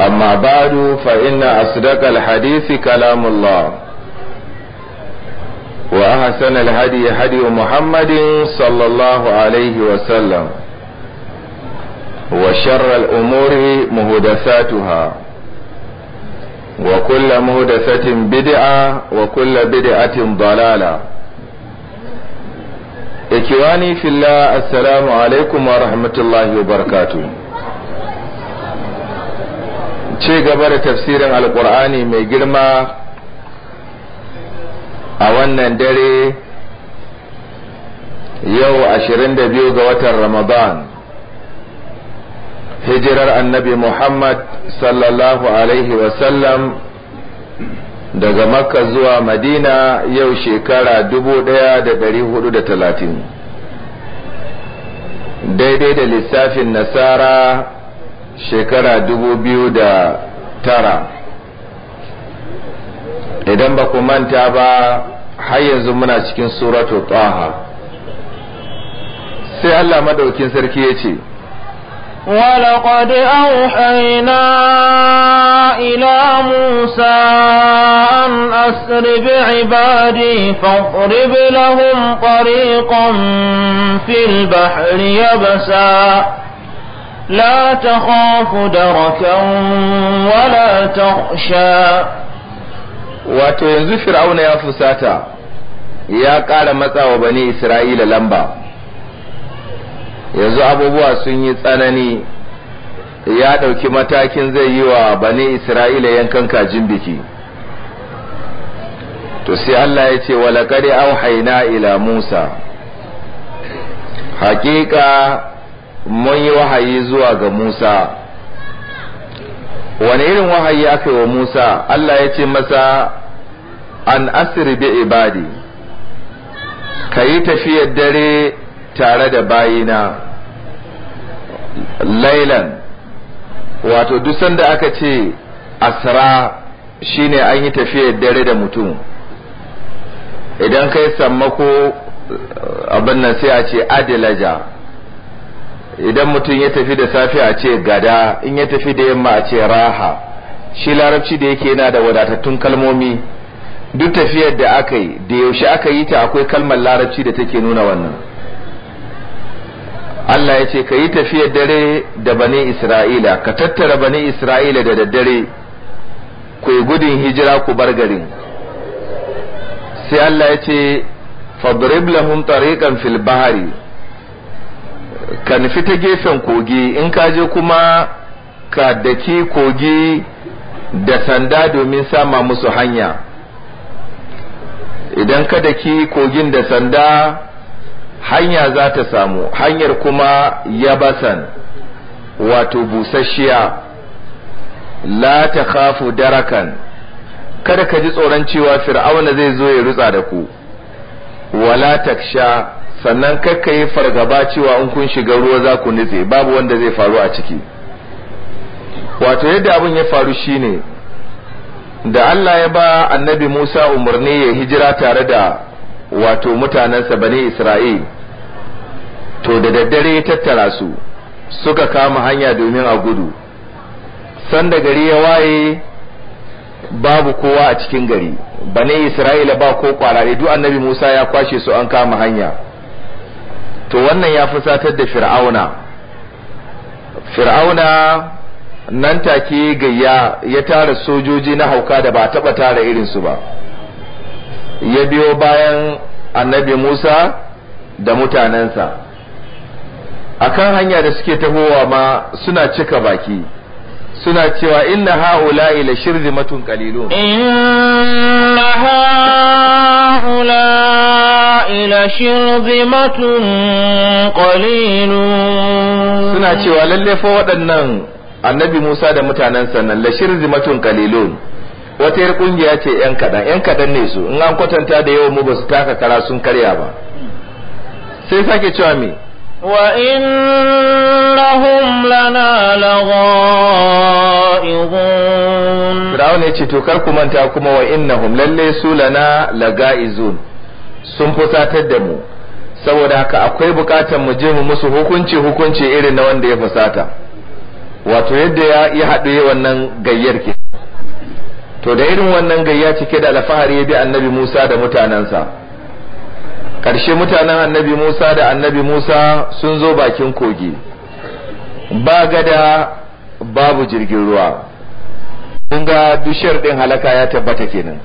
أما بعد فإن أصدق الحديث كلام الله وأحسن الهدي هدي محمد صلى الله عليه وسلم وشر الأمور مهدثاتها وكل مهدثة بدعة وكل بدعة ضلالة إخواني في الله السلام عليكم ورحمة الله وبركاته ce gaba da tafsirin alkur'ani mai girma a wannan dare yau 22 ga watan ramadan hijirar annabi muhammad sallallahu alaihi wasallam daga makka zuwa madina yau shekara dubu da hudu 1430 daidai da lissafin nasara shekara dubu biyu da tara idan ba ku manta ba har yanzu muna cikin suratu taha sai Allah madaukin sarki ya ce ولقد أوحينا إلى موسى أن أسر بعبادي فاضرب fil طريقا في البحر يبسا لا تخاف دركا ولا تخشى wato yanzu fir'auna ya fusata ya ƙara matsawa bani isra'ila lamba yanzu abubuwa sun yi tsanani ya ɗauki matakin zai yi wa bani isra'ila yankan kajin biki to sai allah ya ce walakari auhaina ila musa haƙiƙa mun yi wahayi zuwa ga Musa wani irin wahayi aka yi wa Musa Allah ya ce masa an asiri bi ibadi ka yi tafiyar dare tare da bayina lailan wato duk sanda aka ce asra shine an yi tafiyar dare da mutum idan kai sammako abin nan sai a ce adilaja idan mutum ya tafi da safe a ce gada in ya tafi da yamma a ce raha shi larabci da yake yana da wadatattun kalmomi duk tafiyar da aka yi da yaushe aka yi ta akwai kalmar larabci da take nuna wannan Allah ya ce ka yi tafiyar dare da bani Isra'ila ka tattara bani Isra'ila da daddare ku yi gudun hijira ku bar garin sai Allah ya ce fadrib lahum tariqan fil bahari ka nufi ta gefen kogi in ka je kuma ka daki kogi da sanda domin sama musu hanya idan ka daki kogin da sanda hanya za ta samu hanyar kuma yabasan wato busasshiya la ta khafu darakan kada ka ji tsoron cewa fir'auna zai zo ya rutsa da ku wala taksha sannan kakka yi fargaba cewa in kun shiga ruwa za ku nutse babu wanda zai faru a ciki wato yadda abin ya faru shine da Allah ya ba annabi Musa umarni ya hijira tare da wato mutanensa bane Isra'il to da daddare ya tattara su suka kama hanya domin a gudu sanda gari ya waye babu kowa a cikin gari bane isra'ila ba ko kwarare duk annabi musa ya kwashe su an kama hanya to wannan ya fusatar da fir'auna fir'auna nan take gayya ya tara sojoji na hauka da ba taba tara irinsu ba ya biyo bayan annabi musa da mutanensa akan hanya da suke tahowa ma suna cika baki suna cewa inna ha'ula'i la shirzimatun qalilun inna لشرذمة قليلون suna cewa lalle fa waɗannan annabi Musa da mutanen sannan shirzimatun qalilun wata yar kungiya ce yan kadan yan kadan ne su in an kwatanta da yawan mu ba su taka kara sun karya ba sai sake cewa me wa innahum lana laghaizun Fir'aun ya ce to kar ku manta kuma wa innahum lalle su lana lagaizun sun fusatar da mu saboda haka akwai bukatar mu je mu musu hukunci hukunci irin na wanda ya fusata wato yadda ya yi haɗu wannan gayyar ke to da irin wannan gayya cike da alfahari ya bi annabi musa da mutanensa ƙarshe mutanen annabi musa da annabi musa sun zo bakin kogi ba gada babu jirgin ruwa ga dushiyar ɗin halaka ya tabbata kenan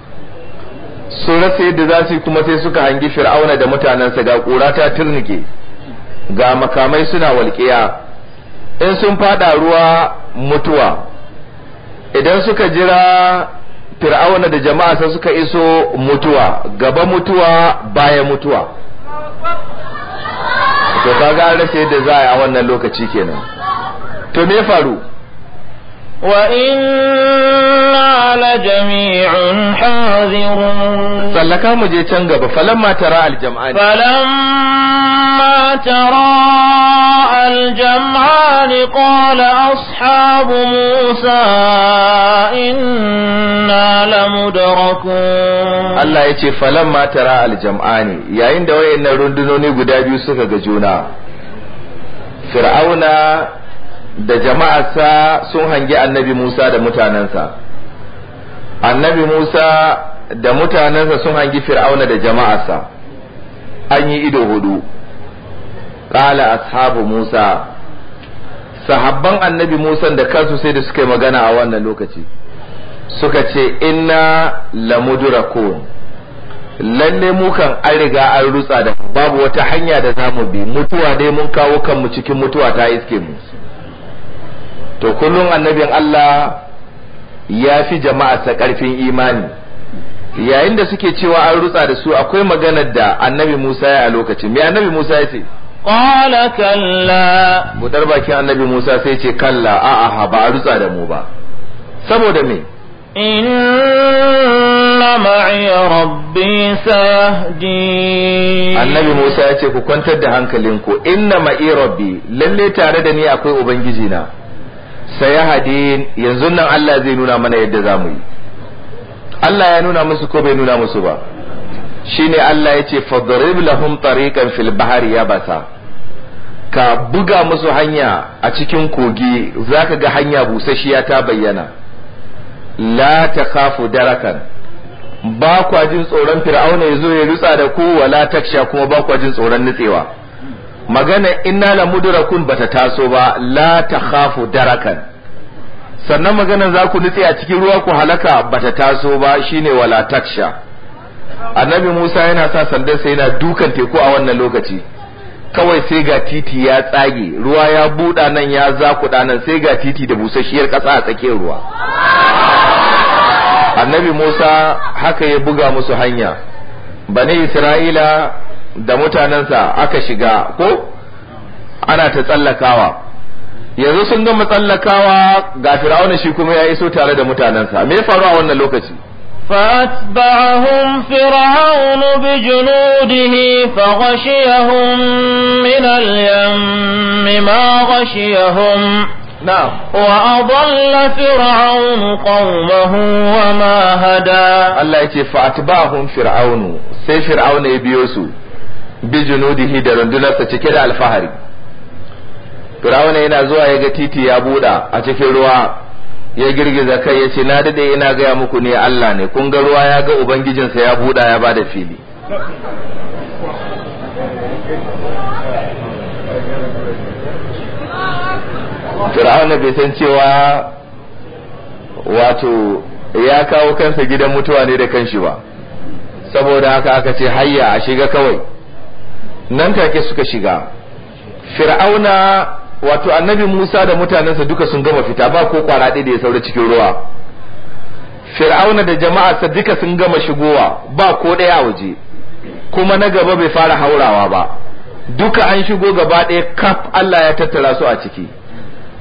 sun rasa yadda za su yi kuma sai suka hangi fir'auna da mutanensa ga ƙura ta turnike ga makamai suna walƙiya in sun fada ruwa mutuwa idan suka jira fir'auna da jama'a sai suka iso mutuwa gaba mutuwa baya mutuwa to kaga an rasa yadda za a yi a wannan lokaci kenan to me faru Sallaka mu je can gaba, falon ma tara aljam'ani. Falon ma tara aljam'ani, ƙwala ashabu Musa inna lamu da Allah ya ce, falon ma tara aljam'ani, yayin da wayannan rundunoni guda biyu suka ga juna. Fir'auna da jama'arsa sun hangi annabi Musa da mutanensa annabi Musa da mutanensa sun hangi fir'auna da jama'arsa an yi ido hudu ƙala ashabu Musa sahabban annabi Musa da kansu sai da suka yi magana a wannan lokaci suka ce inna lamudurakun lalle mu kan an riga an rutsa da babu wata hanya da zamu bi mutuwa dai mun kawo kanmu cikin mutuwa ta iske mu to kullum annabin Allah ya fi jama'arsa ƙarfin imani yayin da suke cewa an rutsa da su akwai maganar da annabi Musa ya a lokacin me annabi Musa ya ce qala kalla budar baki annabi Musa sai ce kalla a'a ha ba a rutsa da mu ba saboda me inna ma'i rabbi sahdi annabi Musa ya ce ku kwantar da hankalinku inna ma'i rabbi lalle tare da ni akwai ubangiji na hade yanzu nan Allah zai nuna mana yadda za mu yi Allah ya nuna musu ko bai nuna musu ba shine Allah ya ce fadrib lahum tariqan fil bahri yabasa ka buga musu hanya a cikin kogi zaka ga hanya busasshiya ta bayyana la takhafu darakan ba kwa jin tsoron fir'auna ya zo ya rutsa da ku wala taksha kuma ba kwa jin tsoron nutsewa magana inna lamudrakun bata taso ba la takhafu darakan sannan magana za ku nutse a cikin ruwa ku halaka bata taso ba shine wala taksha annabi Musa yana sa sandarsa yana dukan teku a wannan lokaci kawai sai ga titi ya tsage ruwa ya buɗa nan ya zakuɗa nan sai ga titi da busasshiyar ƙasa a tsakiyar ruwa annabi Musa haka ya buga musu hanya bani Isra'ila da mutanensa aka shiga ko ana ta tsallakawa yanzu sun gama tsallakawa ga fir'auna shi kuma ya iso tare da mutanensa me ya faru a wannan lokaci فأتبعهم فرعون بجنوده فغشيهم من اليم ما غشيهم نعم وأضل فرعون قومه وما هدى الله يتي فأتبعهم فرعون سي فرعون يبيوسو بجنوده درندنا ستكرى الفهري firawuna yana zuwa ya ga titi ya buɗa a cikin ruwa ya girgiza kai ya ce na dade ina gaya muku ne Allah ne kun ga ruwa ya ga ubangijinsa ya buɗa ya bada fili fir'auna bai san cewa wato ya kawo kansa gidan mutuwa ne da kanshi ba saboda haka aka ce hayya a shiga kawai nan take suka shiga fir'auna wato annabi Musa da mutanensa duka sun gama fita ba ko kwara ɗaya da ya saura cikin ruwa fir'auna da jama'arsa duka sun gama shigowa ba ko ɗaya a waje kuma na gaba bai fara haurawa ba duka an shigo gaba ɗaya kaf Allah ya tattara su a ciki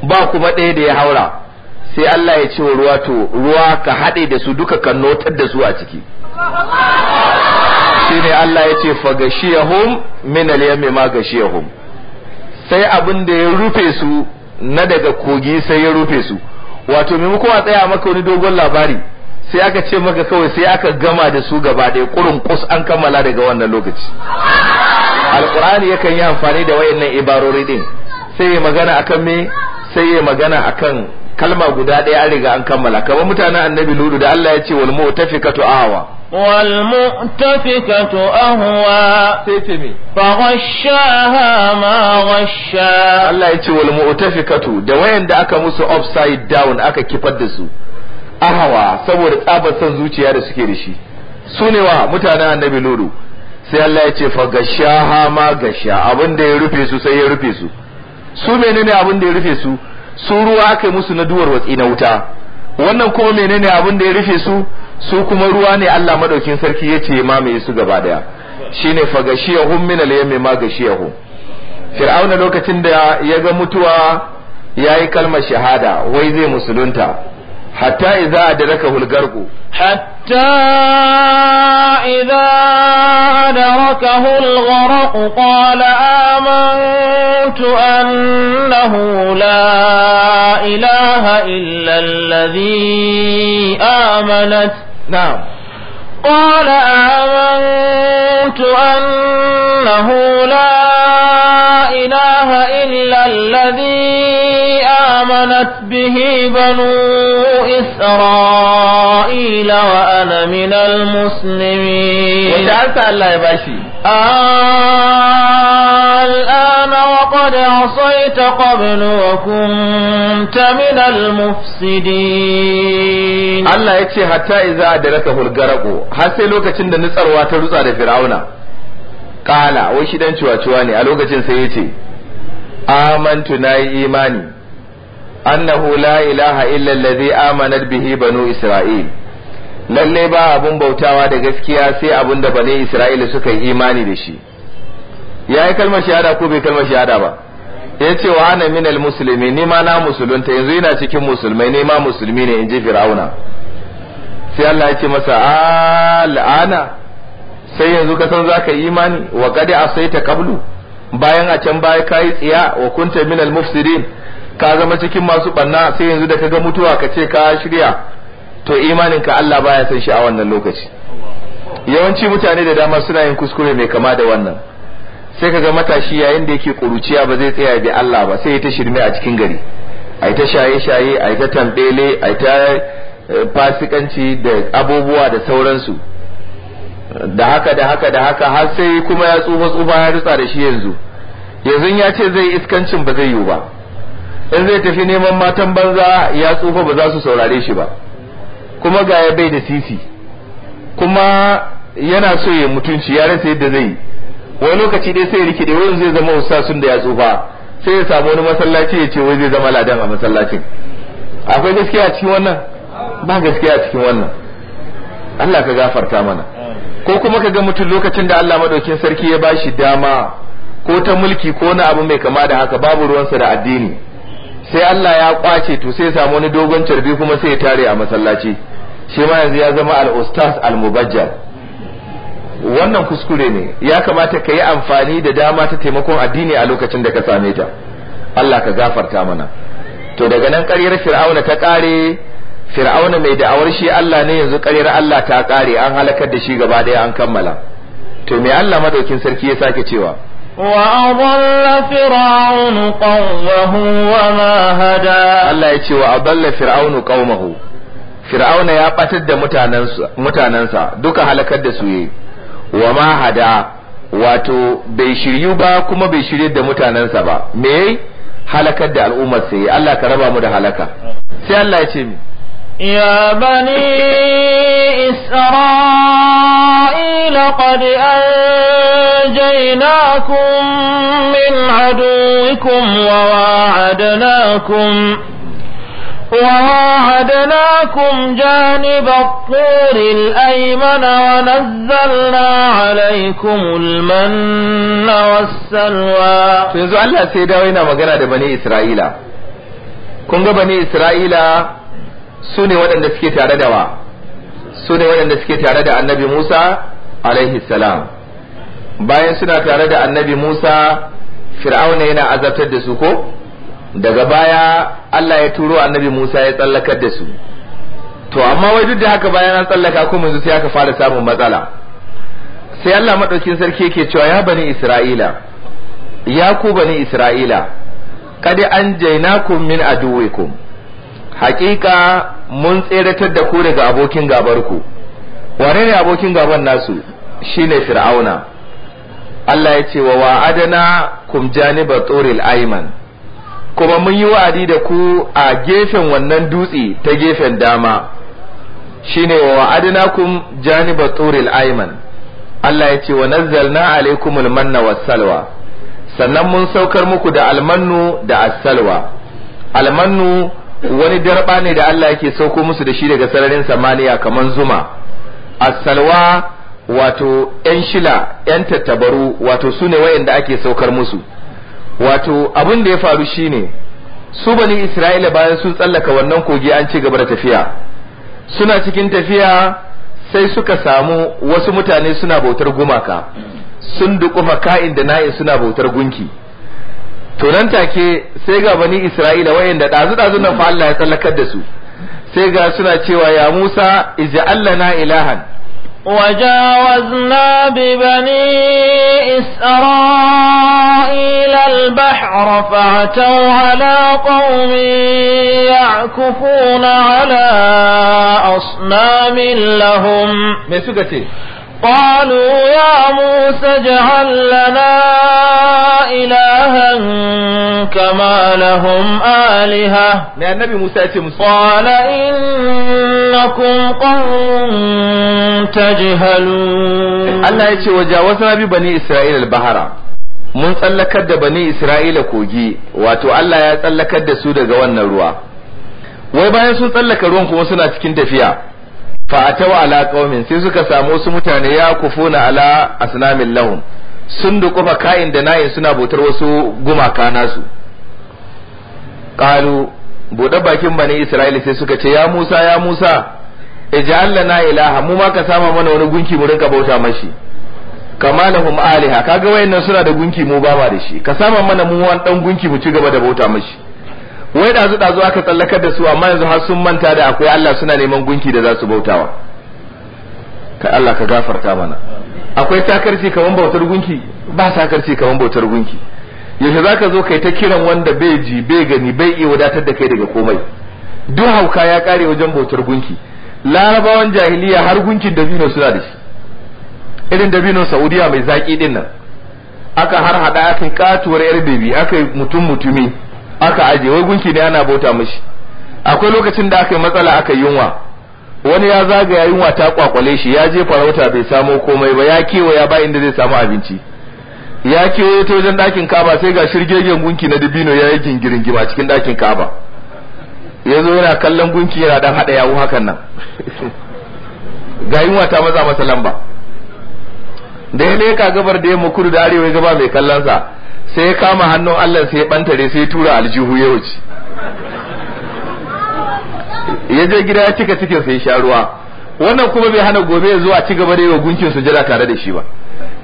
ba kuma ɗaya da ya haura sai Allah ya ce ruwa to ruwa ka haɗe da su duka ka notar da su a ciki shine Allah ya ce fa gashiyahum min al-yammi ma gashiyahum sai abin da ya rufe su na daga kogi sai ya rufe su wato maimakon a tsaya maka wani dogon labari sai aka ce maka kawai sai aka gama da su gaba ɗaya kurin kus an kammala daga wannan lokaci alkur'ani yakan yi amfani da wayannan ibarori din sai ya magana akan me sai ya magana akan kalma guda ɗaya an riga an kammala kamar mutanen annabi ludu da Allah ya ce wal mu'tafikatu ahwa والمؤتفكة أهوى فغشاها ما غشا الله يتي والمؤتفكة دوين دا أكا موسو upside down أكا كفدسو أهوى سبور أبا سنزوتي يارس كيرشي سنوا متانا النبي لولو sai Allah ya ce fa gashaha ma gasha abin da ya rufe su sai ya rufe su su menene abin da ya rufe su su ruwa aka musu na duwar na wuta wannan kuma menene abin da ya rufe su su kuma ruwa ne Allah madaukin sarki yace ma mamaye su gaba daya shine fagashiyahum min al-yammi ma gashiyahum fir'auna lokacin da ya ga mutuwa yayi kalmar shahada wai zai musulunta حتى إذا أدركه الغرق حتى إذا أدركه الغرق قال آمنت أنه لا إله إلا الذي آمنت نعم قال آمنت أنه لا إله إلا الذي آمنت به بنو إسرائيل وأنا من المسلمين وجعلت الله يباشي الآن وقد عصيت قبل وكنت من المفسدين الله يكشي حتى إذا أدركه الغرق حسي لوكا تند نصر واترسى لفرعون kala wai shi dan ciwaciwa ne a lokacin sai yace amantu na yi imani annahu la ilaha illa allazi amanat bihi banu isra'il lalle ba abun bautawa da gaskiya sai abun da bane isra'ila suka yi imani da shi yayi kalmar shahada ko bai kalmar shahada ba ya ce wa ana minal musulmi ni ma na musulunta yanzu yana cikin musulmai ne ma musulmi ne in ji fir'auna sai Allah ya ce masa al'ana sai yanzu ka san zaka yi imani wa a sai ta kablu bayan a can baya yi tsiya wa kunta min al mufsirin ka zama cikin masu banna sai yanzu da kaga mutuwa ka ce ka shirya to imanin ka Allah baya san shi a wannan lokaci yawanci mutane da dama suna yin kuskure mai kama da wannan sai kaga matashi yayin da yake kuruciya ba zai tsaya da Allah ba sai ya ta shirme a cikin gari ai ta shaye-shaye ai ta tambele ai ta eh, fasikanci da abubuwa da sauransu da haka da haka da haka har sai kuma ya tsufa tsufa ya rutsa da shi yanzu yanzu ya ce zai iskancin ba zai yiwu ba in zai tafi neman matan banza ya tsufa ba za su saurare shi ba kuma ga ya bai da sisi kuma yana so ya mutunci ya rasa yadda zai wani lokaci dai sai rikide wurin zai zama sun da ya tsufa sai ya samu wani masallaci ya ce wai zai zama ladan a masallacin akwai gaskiya a cikin wannan ba gaskiya a cikin wannan Allah ka gafarta mana ko kuma ka ga mutum lokacin da Allah madaukin sarki ya bashi dama ko ta mulki ko na abu mai kama da haka babu ruwansa da addini sai Allah ya kwace to sai ya samu wani dogon carbi kuma sai ya tare a masallaci shi ma yanzu ya zama al-ustaz al-mubajjal wannan kuskure ne ya kamata ka yi amfani da dama ta taimakon addini a lokacin da ka same ta Allah ka gafarta mana to daga nan ƙaryar fir'auna ta ƙare fir'auna mai da'awar shi Allah ne yanzu karyar Allah ta kare an halakar da shi gaba ɗaya an kammala to me Allah madaukin sarki ya sake cewa wa ce wa adalla وما هدى fir'auna ya batar da mutanansa mutanansa duka halakar da su yi wa ma hada wato bai shiryu ba kuma bai shirye da mutanansa ba me halakar da al'ummar sai Allah ka raba mu da halaka sai Allah ya ce mi يا بني إسرائيل قد أنجيناكم من عدوكم وواعدناكم وواعدناكم جانب الطور الأيمن ونزلنا عليكم المن والسلوى ينزو الله سيدا وينا مغنى بني إسرائيل كنغ بني إسرائيل su ne waɗanda suke tare da wa su ne waɗanda suke tare da annabi Musa alaihi salam bayan suna tare da annabi Musa fir'auna yana azabtar da su ko daga baya Allah ya turo annabi Musa ya tsallakar da su to amma wai duk da haka bayan an tsallaka ko yanzu sai aka fara samun matsala sai Allah madaukin sarki yake cewa ya bani Isra'ila ya ku bani Isra'ila kada an jainakum min aduwikum hakika mun tseratar da ku daga abokin gabar ku wane ne abokin gaban nasu shine fir'auna Allah ya ce wa wa'adana kum janiba turil ayman kuma mun yi wa'adi da ku a gefen wannan dutse ta gefen dama shine wa wa'adana kum janiba turil ayman Allah ya ce wa nazzalna alaikumul manna wassalwa sannan mun saukar muku da almannu da assalwa almannu wani darba ne da Allah yake sauko musu da shi daga sararin samaniya kamar zuma asalwa wato yan shila yan tattabaru wato su ne wayanda ake saukar musu wato abin da ya faru shine su bani isra'ila bayan sun tsallaka wannan kogi an ci gaba da tafiya suna cikin tafiya sai suka samu wasu mutane suna bautar gumaka sun duƙufa ka'in da na'in suna bautar gunki to nan take sai ga bani isra'ila wayanda dazu dazu nan fa Allah ya tsallakar da su sai ga suna cewa ya Musa ij'al lana ilahan وجاوزنا ببني إسرائيل البحر فعتوا على قوم يعكفون على أصنام لهم قالوا يا موسى اجعل لنا إلها كما لهم آلهة النبي موسى قال إنكم قوم تجهلون الله يتي وجاوزنا ببني إسرائيل البحر mun tsallakar da bani Isra'ila kogi wato Allah ya tsallakar da su daga wannan ruwa wai bayan sun tsallaka ruwan kuma suna cikin tafiya fa'atau ala qaumin sai suka samu wasu mutane ya kufuna ala asnamin lahum sun dukufa ka'in da nayin suna bautar wasu gumaka nasu qalu bude bakin bani isra'ila sai suka ce ya musa ya musa ij'al lana ilaha mu ma ka sama mana wani gunki mu rinka bauta mashi kama lahum aliha kaga wayannan suna da gunki mu ba ma da shi ka sama mana mu wani dan gunki mu ci gaba da bauta mashi wai ɗazu dazu aka tsallakar da su amma yanzu har sun manta da akwai Allah suna neman gunki da za su bautawa ka Allah ka gafarta mana akwai takarci kaman bautar gunki ba takarci kaman bautar gunki yaushe zaka zo kai ta kiran wanda bai ji bai gani bai iya wadatar da kai daga komai duk hauka ya kare wajen bautar gunki larabawan jahiliya har gunkin dabino suna da shi irin dabino saudiya mai zaki din nan aka har hada akan katuwar yar bebi aka mutum mutumi aka aje wai gunki ne ana bauta mishi akwai lokacin da aka yi matsala aka yunwa wani ya zagaya yunwa ta kwakwale shi ya je farauta bai samo komai ba ya kewa ya ba inda zai samu abinci ya kewa ya wajen dakin kaba sai ga shirgegen gunki na dibino ya yi gingirin gima cikin dakin kaba ya zo yana kallon gunki yana dan haɗa yawu hakan nan ga yunwa ta maza masa lamba da ya ka gabar da yamma kudu da arewa ya gaba mai kallon sa sai ya kama hannun Allah sai ya bantare sai ya tura aljihu ya wuce ya je gida ya cika cikin sai sha ruwa wannan kuma bai hana gobe ya zo ci gaba da yi wa gunkin sujada tare da shi ba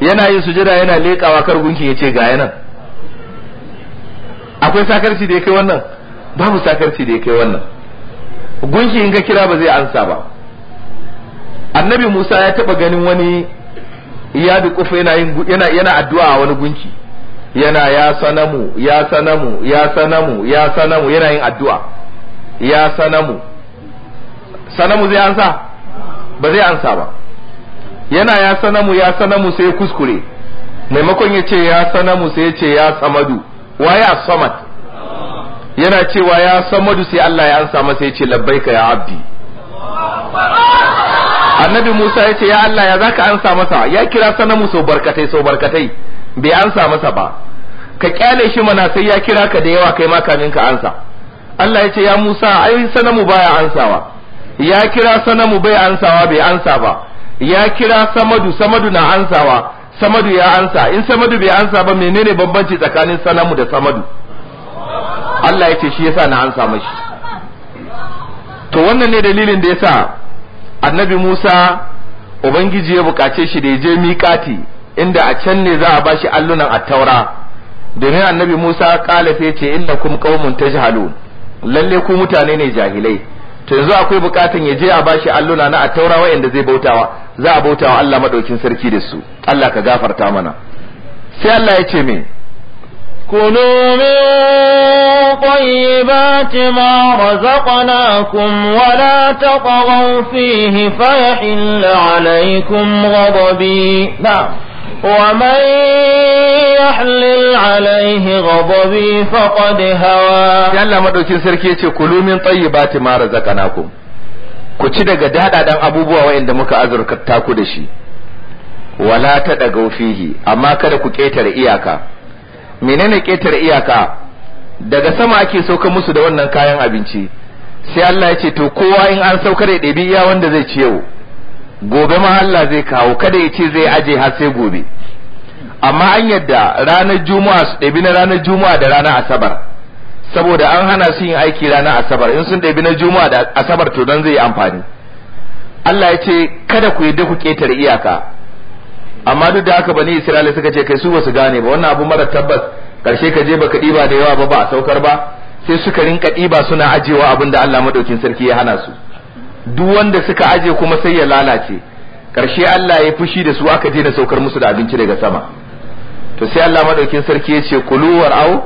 yana yin sujada yana leƙawa kar gunkin ya ce ga yanan akwai sakarci da ya kai wannan babu sakarci da ya kai wannan gunki in ka kira ba zai ansa ba annabi musa ya taba ganin wani ya duƙufa yana yana addu'a a wani gunki yana ya sanamu ya sanamu ya sanamu ya sanamu yana yin addu'a ya sanamu sanamu zai ansa ba zai ansa ba yana ya sanamu ya sanamu sai kuskure maimakon ya ce ya sanamu sai ya ce ya samadu ya samad yana cewa ya samadu sai Allah ya ansa masa ya ce labbaika ya abdi annabi Musa ya ce ya Allah ya zaka ansa masa ya kira sanamu sau barkatai sau barkatai bai ansa masa ba ka kyale shi mana sai ya kira ka da yawa kai ma kamin ka ansa Allah ya ce ya Musa ai sanamu baya ansawa ya kira sanamu bai ansawa bai ansa ba ya kira samadu samadu na ansawa samadu ya ansa in samadu bai ansa ba menene bambanci tsakanin sanamu da samadu Allah ya ce shi yasa na ansa mashi to wannan ne dalilin da yasa annabi Musa ubangiji ya bukace shi da ya je miƙati inda a can ne za a bashi allunan attaura domin annabi Musa kala sai ce kum qaumun tajhalun lalle ku mutane ne jahilai to yanzu akwai bukatun ya je a bashi alluna na attaura wayanda zai bautawa za a bautawa Allah madaukin sarki da su Allah ka gafarta mana sai Allah ya ce me كلوا ma razaqnakum wa la ولا fihi fa فيحل alaykum ghadabi نعم ومن يحلل عليه غضبي فقد هوى يلا مدوكين سركي يتي كلوا من طيبات ما رزقناكم ku ci daga dadadan abubuwa waɗanda muka azurka taku da shi wala ta daga fihi amma kada ku ketare iyaka menene ketare iyaka daga sama ake sauka musu da wannan kayan abinci sai Allah ya ce to kowa in an sauka da ɗabi iya wanda zai ci yau gobe ma Allah zai kawo kada ya ce zai aje har sai gobe amma an yadda ranar juma'a su ɗabi na ranar juma'a da ranar asabar saboda an hana su yin aiki ranar asabar in sun ɗabi na juma'a da asabar to don zai yi amfani Allah ya ce kada ku yadda ku ƙetare iyaka amma duk da haka bani Isra'ila suka ce kai su ba su gane ba wannan abu mara tabbas karshe ka je baka ɗiba da yawa ba ba a saukar ba sai suka rinka ɗiba suna ajiyewa abin Allah madaukin sarki ya hana su duk wanda suka aje kuma sai ya lalace karshe Allah ya fushi da su aka je na saukar musu da abinci daga sama to sai Allah madaukin sarki ya ce kulu au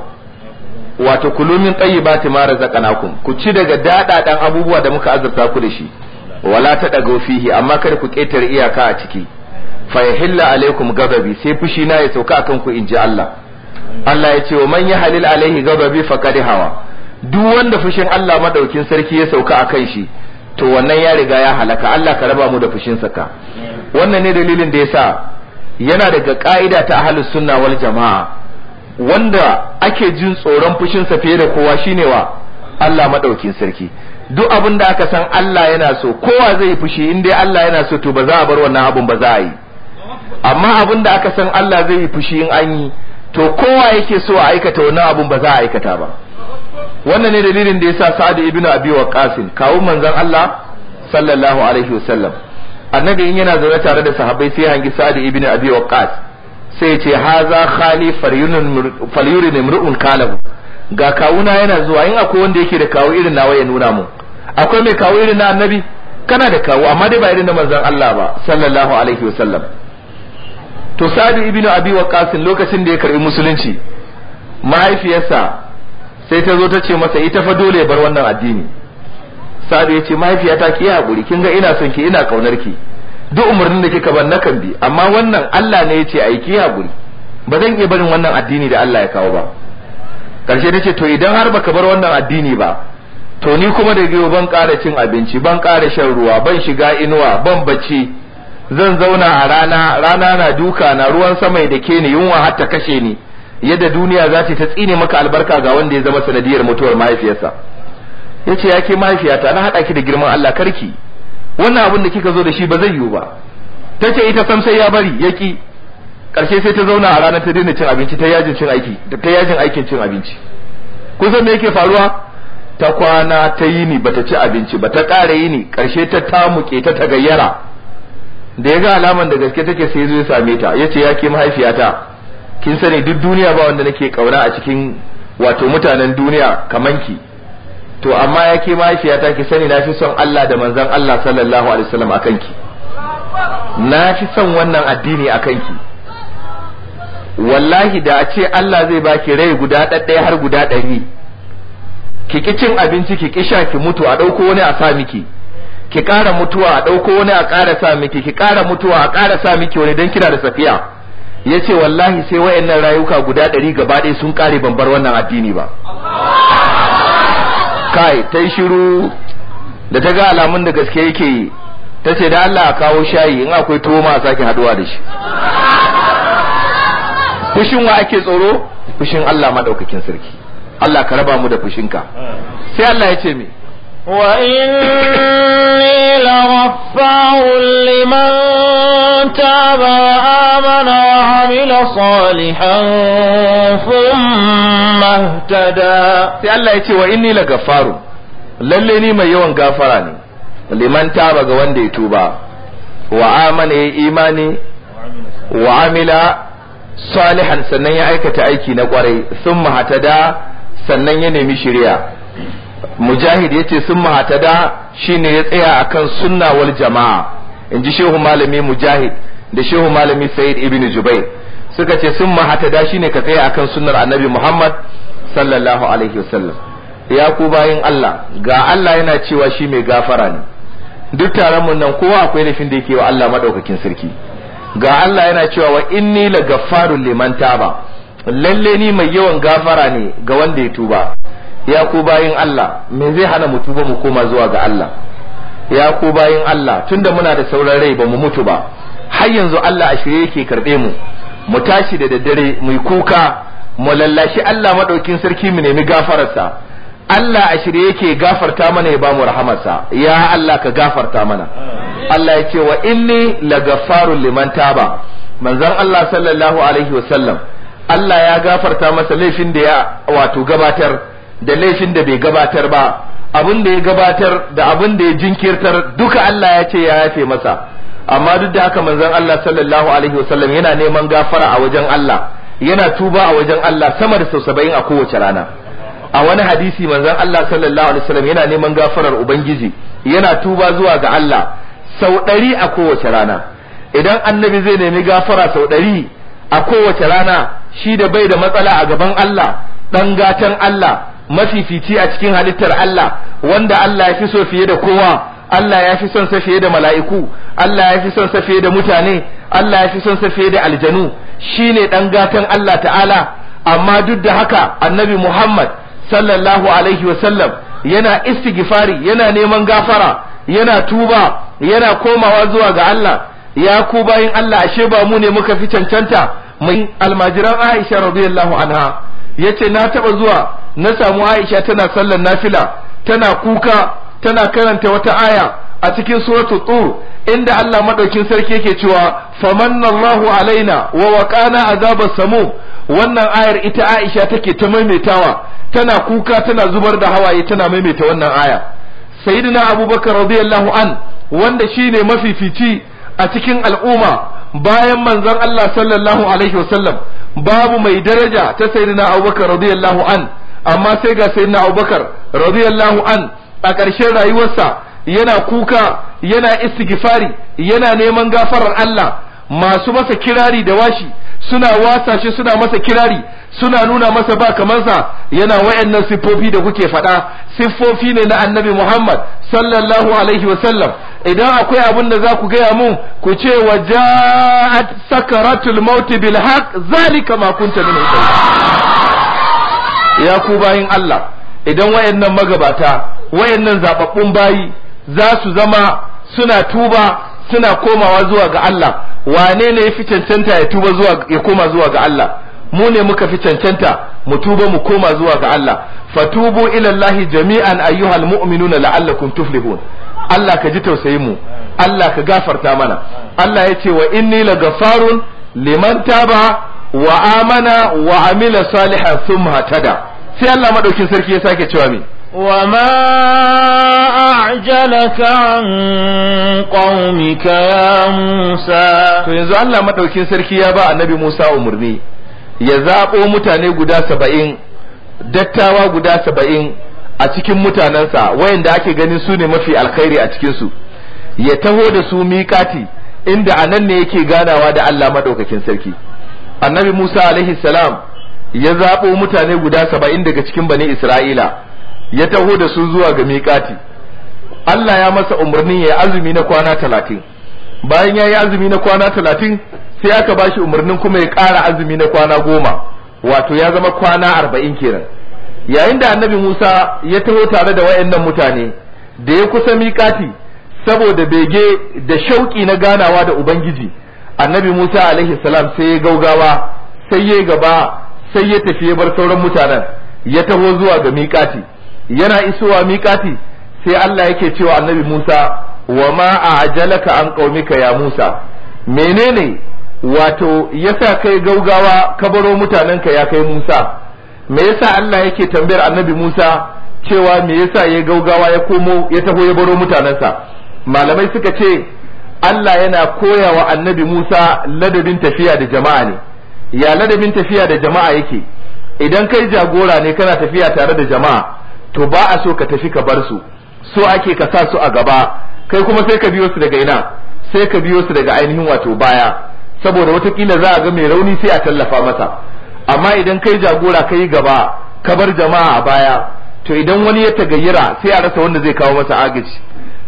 wato kulu min tayyibati ma razaqnakum ku ci daga dadadan abubuwa da muka azurta ku da shi wala tadagu fihi amma kada ku ketare iyaka a ciki fa yahilla alaikum ghadabi sai fushi na ya sauka akan ku inji Allah Allah ya ce wa man yahlil alaihi ghadabi faqad hawa duk wanda fushin Allah madaukin sarki ya sauka akan shi to wannan ya riga ya halaka Allah ka raba mu da fushin sa ka. wannan ne dalilin da yasa yana daga ka'ida ta ahlus sunna wal jama'a wanda ake jin tsoron fushin sa fiye da kowa shine wa Allah madaukin sarki duk abin da aka san Allah yana so kowa zai fushi in dai Allah yana so to ba za a bar wannan abun ba za a yi amma abin da aka san Allah zai yi fushi in an yi to kowa yake so a aikata wannan abun ba za a aikata ba wannan ne dalilin da yasa sa'ad ibn abi waqas kawo manzon Allah sallallahu alaihi wasallam annabi in yana zaune tare da sahabbai sai hangi sa'ad ibn abi waqas sai ce haza khali falyurin imru'un kalahu ga kawuna yana zuwa in akwai wanda yake da kawo irin nawa ya nuna mu akwai mai kawo irin na annabi kana da kawo amma dai ba irin da manzon Allah ba sallallahu alaihi wasallam to sa'ad ibn abi waqas lokacin da ya karbi musulunci mahaifiyarsa sai ta zo ta ce masa ita fa dole bar wannan addini sa'ad ya ce mahaifiyata ki hakuri kin ga ina son ki ina kaunar ki duk umarnin da kika ban nakan bi amma wannan Allah ne ya ce ai ki hakuri ba zan iya barin wannan addini da Allah ya kawo ba karshe ta ce to idan har baka bar wannan addini ba to ni kuma da biyo ban ƙara cin abinci ban ƙara shan ruwa ban shiga inuwa ban bacci zan zauna a rana rana na duka na ruwan sama da ke ni yunwa har ta kashe ni yadda duniya za ta tsine maka albarka ga wanda ya zama sanadiyar mutuwar mahaifiyarsa ya ce ya ke mahaifiyata na haɗa ki da girman Allah karki wannan abin da kika zo da shi ba zai yiwu ba ta ce ita sam sai ya bari ya ƙi ƙarshe sai ta zauna a ranar ta daina cin abinci ta yajin cin aiki ta yajin aikin cin abinci kun san me yake faruwa ta kwana ta yi ni bata ci abinci ba ta ƙara yi ni ƙarshe ta tamuke ta ta gayyara da ya ga alaman da gaske take sai zai same ta ya ce ya ke mahaifiyata kin sani duk duniya ba wanda nake kauna a cikin wato mutanen duniya kaman ki to amma ya ke mahaifiyata ki sani na fi son Allah da manzon Allah sallallahu alaihi wasallam akan ki na fi son wannan addini akan ki wallahi da a ce Allah zai baki rai guda ɗaɗɗaya har guda ɗari ki ki cin abinci ki kisha ki mutu a ɗauko wani a sa miki ki ƙara mutuwa a ɗauko wani a ƙara sa miki ki ƙara mutuwa a ƙara sa miki wani don kina da safiya ya ce wallahi sai wayannan rayuka guda ɗari gaba ɗaya sun ƙare ban bar wannan addini ba kai ta shiru da ta ga alamun da gaske yake yi ta ce da Allah a kawo shayi in akwai tuwo ma a sake haduwa da shi fushin wa ake tsoro fushin Allah madaukakin sarki Allah ka raba mu da fushinka sai Allah ya ce me غفار لمن تاب وآمن وعمل صالحا ثم اهتدى sai Allah ya ce wa inni la gafaru lalle ni mai yawan gafara ne limanta baga wanda ya tuba wa amana ya imani wa amila salihan sannan ya aikata aiki na kwarai sun mahatada sannan ya nemi shirya mujahid yace sun mahatada shine ya tsaya akan sunna wal jama'a in ji shehu malami mujahid da shehu malami sayyid ibn jubair suka ce sun mahatada shine ka tsaya akan sunnar annabi muhammad sallallahu alaihi wasallam ya ku bayin allah ga allah yana cewa shi mai gafara ne duk taron mun nan kowa akwai laifin da yake wa allah madaukakin sarki ga allah yana cewa wa inni la gaffarul liman taba lalle ni mai yawan gafara ne ga wanda ya tuba ya ku bayin Allah me zai hana mu tuba mu koma zuwa ga Allah ya ku bayin Allah tunda muna da sauran rai ba mu mutu ba har yanzu Allah a shirye yake karbe mu mu tashi da daddare mu yi kuka mu lallashi Allah madaukin sarki mu nemi gafararsa Allah a shirye yake gafarta mana ya ba mu rahamarsa ya Allah ka gafarta mana Allah ya ce wa inni lagafarul liman taba manzon Allah sallallahu alaihi wasallam Allah ya gafarta masa laifin da ya wato gabatar da laifin da bai gabatar ba abin da ya gabatar da abin da ya jinkirtar duka Allah ya ce ya yafe masa amma duk da haka manzon Allah sallallahu alaihi wasallam yana neman gafara a wajen Allah yana tuba a wajen Allah sama da sau saba'in a kowace rana a wani hadisi manzon Allah sallallahu alaihi wasallam yana neman gafarar ubangiji yana tuba zuwa ga Allah sau ɗari a kowace rana idan annabi zai nemi gafara sau ɗari a kowace rana shi da bai da matsala a gaban Allah ɗan gatan Allah mafifici a cikin halittar Allah wanda Allah ya fi so fiye da kowa Allah ya fi son sa fiye da mala'iku Allah ya fi son sa fiye da mutane Allah ya fi son sa fiye da aljanu shine dan gatan Allah ta'ala amma duk da haka annabi Muhammad sallallahu alaihi wasallam yana istighfari yana neman gafara yana tuba yana komawa zuwa ga Allah ya ku bayin Allah ashe ba mu ne muka fi cancanta mai almajiran Aisha radiyallahu anha yace na taba zuwa na samu Aisha tana sallar nafila tana kuka tana karanta wata aya a cikin suratu tur inda Allah madaukin sarki yake cewa famanallahu alaina wa waqana azabas samu wannan ayar ita Aisha take ta maimaitawa tana kuka tana zubar da hawaye tana maimaita wannan aya sayyidina abubakar radiyallahu an wanda shine mafifici a cikin al'umma bayan manzon Allah sallallahu alaihi wasallam babu mai daraja ta sayyidina abubakar radiyallahu an amma sai ga na Abubakar radiyallahu an a ƙarshen rayuwarsa yana kuka yana istighfari yana neman gafarar Allah masu masa kirari da washi suna wasa shi suna masa kirari suna nuna masa ba kamansa yana wayannan siffofi da kuke faɗa siffofi ne na annabi Muhammad sallallahu alaihi wasallam idan akwai abin da za ku gaya mun ku ce wa ja'at sakaratul maut bil haqq zalika ma kunta min ya ku bayin Allah idan wayannan magabata wayannan zababbun bayi za su zama suna tuba suna komawa zuwa ga Allah wane ne ya fi cancanta ya tuba zuwa ya koma zuwa ga Allah mu ne muka fi cancanta mu tuba mu koma zuwa ga Allah fatubu ila Allah jami'an ayyuhal mu'minuna la'allakum tuflihun Allah ka ji tausayin mu Allah ka gafarta mana Allah ya ce wa inni la gafarun liman taba wa amana wa amila salihan thumma hatada sai Allah maɗaukin sarki ya sake cewa me وما أعجلك an قومك ya musa. to yanzu Allah maɗaukin sarki ya ba annabi Musa umurni ya zaɓo mutane guda saba'in dattawa guda saba'in a cikin mutanensa wayanda ake ganin su ne mafi alkhairi a cikinsu ya taho da su miƙati inda anan ne yake ganawa da Allah maɗaukakin sarki annabi Musa alaihi salam ya zaɓo mutane guda saba'in daga cikin bani Isra'ila ya taho da su zuwa ga miƙati Allah ya masa umarnin ya yi azumi na kwana talatin bayan ya yi azumi na kwana talatin sai aka ba shi umarnin kuma ya ƙara azumi na kwana goma wato ya zama kwana arba'in kenan yayin da annabi Musa ya taho tare da wayannan mutane da ya kusa miƙati saboda bege da shauƙi na ganawa da Ubangiji annabi Musa alaihi salam sai ya gaugawa sai ya gaba sai ya tafi ya bar sauran mutanen ya taho zuwa ga miƙati yana isowa miƙati sai Allah yake cewa annabi Musa wa ma ajalaka an qaumika ya Musa menene wato yasa kai gaugawa ka baro mutanen ka ya kai Musa me yasa Allah yake tambayar annabi Musa cewa me yasa ya gaugawa ya komo ya taho ya baro mutanensa malamai suka ce Allah yana koya wa annabi Musa ladabin tafiya da jama'a ne ya ladabin tafiya da jama'a yake idan kai jagora ne kana tafiya tare da jama'a to ba a so ka tafi ka bar su so ake ka sa su a gaba kai kuma sai ka biyo su daga ina sai ka biyo su daga ainihin wato baya saboda watakila za a ga mai rauni sai a tallafa masa amma idan kai jagora kai gaba ka bar jama'a a baya to idan wani ya tagayyara sai a rasa wanda zai kawo masa agaji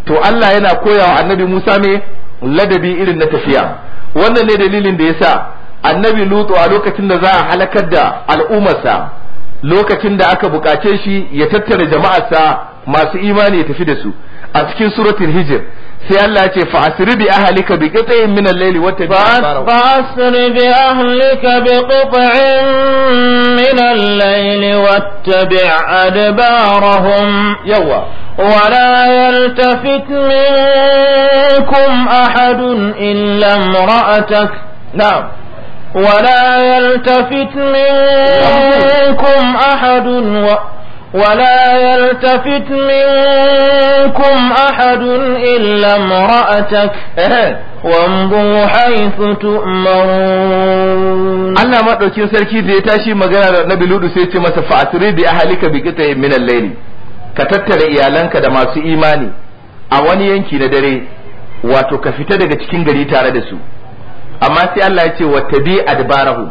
to Allah yana koya wa annabi Musa ne ladabi irin na tafiya wannan ne dalilin da yasa annabi Lutu a lokacin da za a halakar da al'ummarsa lokacin da aka bukace shi ya tattara jama'arsa masu imani ya tafi da su a cikin suratul hijr sai Allah ce fa'asri bi ahlika bi qit'in min al layl wa tabi'a fa'asri bi ahlika bi qit'in min al layl wa wattabi' adbarahum yawa wa ولا يلتفت منكم أحد إلا امرأتك نعم ولا يلتفت منكم أحد و... ولا يلتفت منكم أحد إلا امرأتك وامضوا حيث تؤمرون Allah maɗaukin sarki da ya tashi magana da na Ludu sai ce masa fa'atiri bi ahalika bi qita'in min al-layl ka tattara iyalanka da masu imani a wani yanki na dare wato ka fita daga cikin gari tare da su amma sai Allah ya ce wattabi adbarahum